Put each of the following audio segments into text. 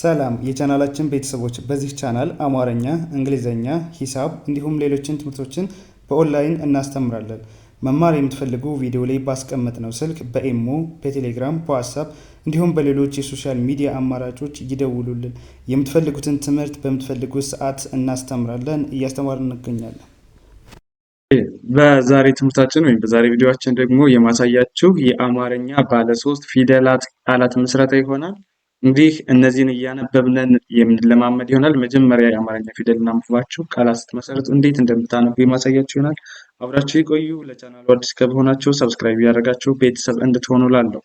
ሰላም የቻናላችን ቤተሰቦች፣ በዚህ ቻናል አማርኛ፣ እንግሊዝኛ፣ ሂሳብ እንዲሁም ሌሎችን ትምህርቶችን በኦንላይን እናስተምራለን። መማር የምትፈልጉ ቪዲዮ ላይ ባስቀመጥ ነው ስልክ በኢሞ፣ በቴሌግራም፣ በዋትሳፕ እንዲሁም በሌሎች የሶሻል ሚዲያ አማራጮች ይደውሉልን። የምትፈልጉትን ትምህርት በምትፈልጉት ሰዓት እናስተምራለን፣ እያስተማርን እንገኛለን። በዛሬ ትምህርታችን ወይም በዛሬ ቪዲዮችን ደግሞ የማሳያችሁ የአማርኛ ባለሶስት ፊደላት ቃላት ምስረታ ይሆናል። እንግዲህ እነዚህን እያነበብን የምንለማመድ ይሆናል። መጀመሪያ የአማርኛ ፊደል እናንብባችሁ ቃላት ስትመሰርቱ እንዴት እንደምታነቡ የማሳያቸው ይሆናል። አብራቸው የቆዩ። ለቻናሉ አዲስ ከሆናችሁ ሰብስክራይብ ያደረጋችሁ ቤተሰብ እንድትሆኑ ላለው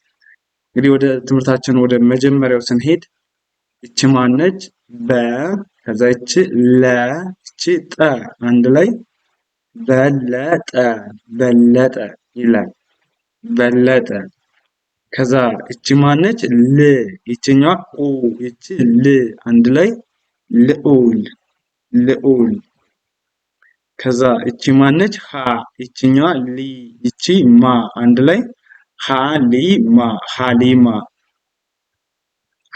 እንግዲህ ወደ ትምህርታችን ወደ መጀመሪያው ስንሄድ እች ማነች? በ ከዛ እች ለ እች ጠ አንድ ላይ በለጠ በለጠ ይላል። በለጠ ከዛ እቺ ማነች ል ይችኛዋ ኡ ይቺ ል አንድ ላይ ልኡል ልኡል ከዛ እቺ ማነች ሀ ይችኛዋ ሊ ይቺ ማ አንድ ላይ ማ ሀሊማ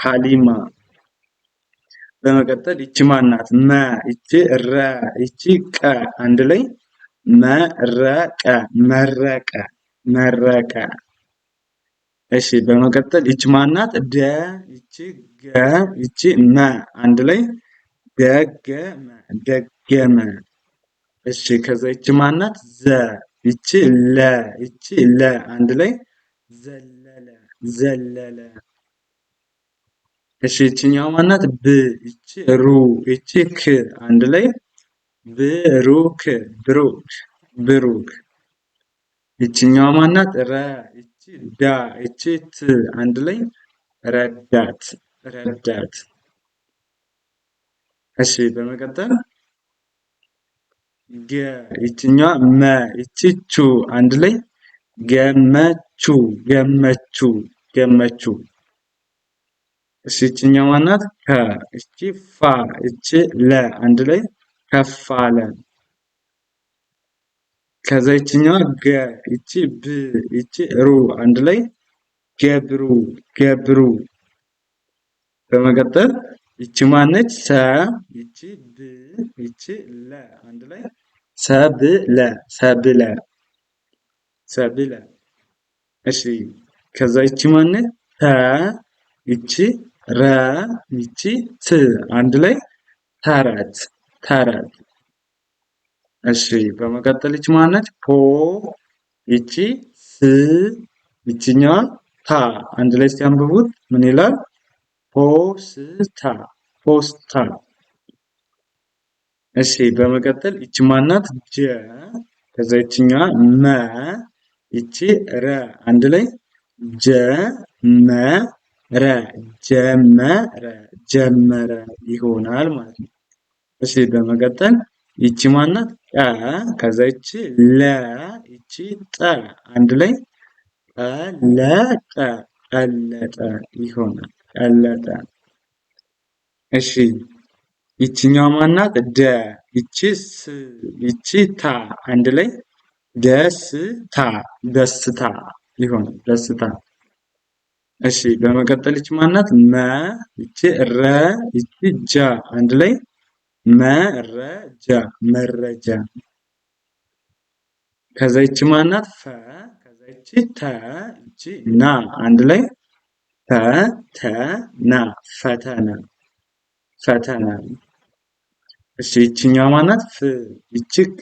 ሀሊማ በመቀጠል ይቺ ማናት መ ይቺ ረ ይቺ ቀ አንድ ላይ መረቀ መረቀ መረቀ እሺ በመቀጠል ይች ማናት? ደ ይች ገ ይች መ አንድ ላይ ደገመ ደገመ። እሺ ከዛ ይቺ ማናት? ዘ ይች ለ ይች ለ አንድ ላይ ዘለለ ዘለለ። እሺ ይቺኛው ማናት? ብ ይች ሩ ይቺ ክ አንድ ላይ ብሩክ ብሩክ ብሩክ። ይቺኛው ማናት? ረ ዳ እቺ ት አንድ ላይ ረዳት ረዳት። እሺ በመቀጠል ገ እቺኛ መ ይቺ ቹ አንድ ላይ ገመቹ ገመቹ ገመቹ። እሺ እቺኛ ማናት ከ እቺ ፋ እቺ ለ አንድ ላይ ከፋለ ከዛ ይችኛዋ ገ ይቺ ብ ይቺ ሩ አንድ ላይ ገብሩ ገብሩ። በመቀጠል ይቺ ማነች? ሰ ይቺ ብ ይቺ ለ አንድ ላይ ሰብለ ሰብለ ሰብለ። እሺ ከዛ ይቺ ማነች? ተ ይቺ ረ ይቺ ት አንድ ላይ ተረት ተረት እሺ በመቀጠል ይች ማነች? ፖ ይቺ ስ ይችኛዋ ታ አንድ ላይ ሲያንብቡት ምን ይላል? ፖስታ ፖስታ። እሺ በመቀጠል ይቺ ማናት? ጀ ከዛ ይችኛዋ መ ይቺ ረ አንድ ላይ ጀ መ ጀመረ ጀመረ ጀመረ ይሆናል ማለት ነው። እሺ በመቀጠል ይቺ ማናት? ጠ ከዛ ይቺ ለ ይቺ ጠ አንድ ላይ ጠለጠ ቀለጠ ይሆናል። ቀለጠ እሺ ይቺኛው ማናት? ደ ይቺ ስ ይቺ ታ አንድ ላይ ደስታ ደስታ ይሆናል። ደስታ። እሺ በመቀጠል ይቺ ማናት? መ ይቺ ረ ይቺ ጃ አንድ ላይ መረጃ መረጃ ከዛ ይቺ ማናት? ፈ ከዛ ይቺ ተ ይቺ ና አንድ ላይ ፈ ተ ና ፈተና ፈተና። እሺ ይቺኛው ማናት? ፍ ይቺ ቅ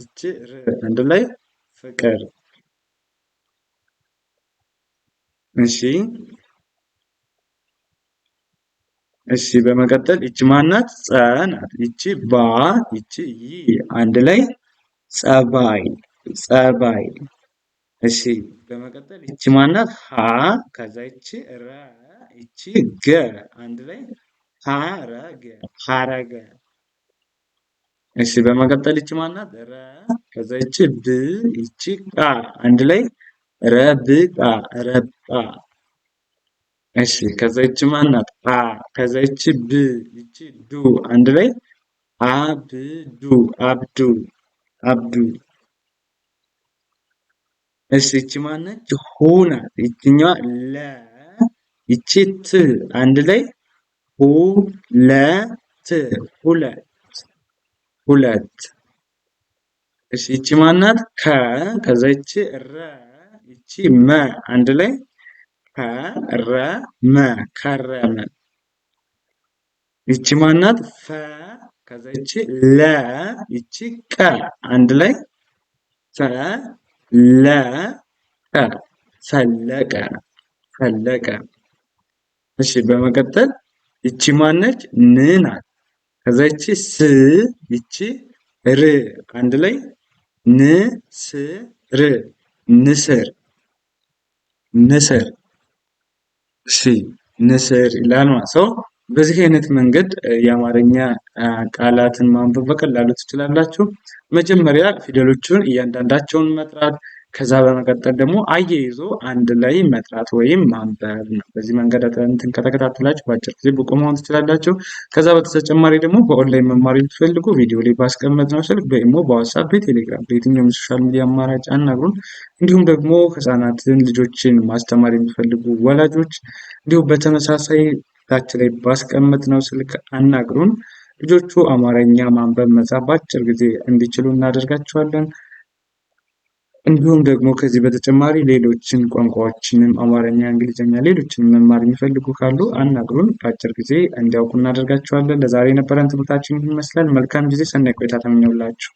ይቺ ር አንድ ላይ ፍቅር። እሺ እሺ በመቀጠል እቺ ማናት? ፀ ናት። ይቺ ባ እቺ ይ አንድ ላይ ጸባይ ጸባይ። እሺ በመቀጠል እቺ ማናት? ሀ ከዛ እቺ ረ እቺ ገ አንድ ላይ ሀረገ ሀረገ። እሺ በመቀጠል እቺ ማናት? ረ ከዛ እቺ ብ እቺ ቃ አንድ ላይ ረብቃ ረብቃ እሺ ከዛ ይቺ ማን ናት? አ ከዛ ብ ይቺ ዱ አንድ ላይ አብዱ አብዱ አብዱ። እሺ ይቺ ማን ሁ ናት። ይቺኛዋ ለ ይቺ ት አንድ ላይ ሁ ለ ት ሁለት ሁለት። እሺ ይቺ ማናት ከ ከዛ ረ ይቺ መ አንድ ላይ ከረመ ከረመ። ይቺ ማናት? ፈ ከዛ ይቺ ለ ይቺ ቀ አንድ ላይ ፈ ለ ቀ ፈለቀ ፈለቀ። እሺ በመቀጠል ይቺ ማነች? ን ናት። ከዛ ይቺ ስ ይቺ ር አንድ ላይ ን ስ ር ንስር ንስር ሺ ንስር ይላል ማለት ሰው። በዚህ አይነት መንገድ የአማርኛ ቃላትን ማንበብ በቀላሉ ትችላላችሁ። መጀመሪያ ፊደሎቹን እያንዳንዳቸውን መጥራት ከዛ በመቀጠል ደግሞ አያይዞ አንድ ላይ መጥራት ወይም ማንበብ ነው። በዚህ መንገድ እንትን ከተከታተላችሁ በአጭር ጊዜ ብቁ መሆን ትችላላችሁ። ከዛ በተጨማሪ ደግሞ በኦንላይን መማር የምትፈልጉ ቪዲዮ ላይ ባስቀመጥ ነው ስልክ በኢሞ በዋትሳፕ በቴሌግራም በየትኛውም ሶሻል ሚዲያ አማራጭ አናግሩን። እንዲሁም ደግሞ ህጻናትን ልጆችን ማስተማር የሚፈልጉ ወላጆች እንዲሁም በተመሳሳይ ታች ላይ ባስቀመጥ ነው ስልክ አናግሩን። ልጆቹ አማርኛ ማንበብ መጻፍ በአጭር ጊዜ እንዲችሉ እናደርጋቸዋለን። እንዲሁም ደግሞ ከዚህ በተጨማሪ ሌሎችን ቋንቋዎችንም አማርኛ፣ እንግሊዝኛ ሌሎችን መማር የሚፈልጉ ካሉ አናግሩን። በአጭር ጊዜ እንዲያውቁ እናደርጋቸዋለን። ለዛሬ የነበረን ትምህርታችን ይመስላል። መልካም ጊዜ፣ ሰናይ ቆይታ ተመኘሁላችሁ።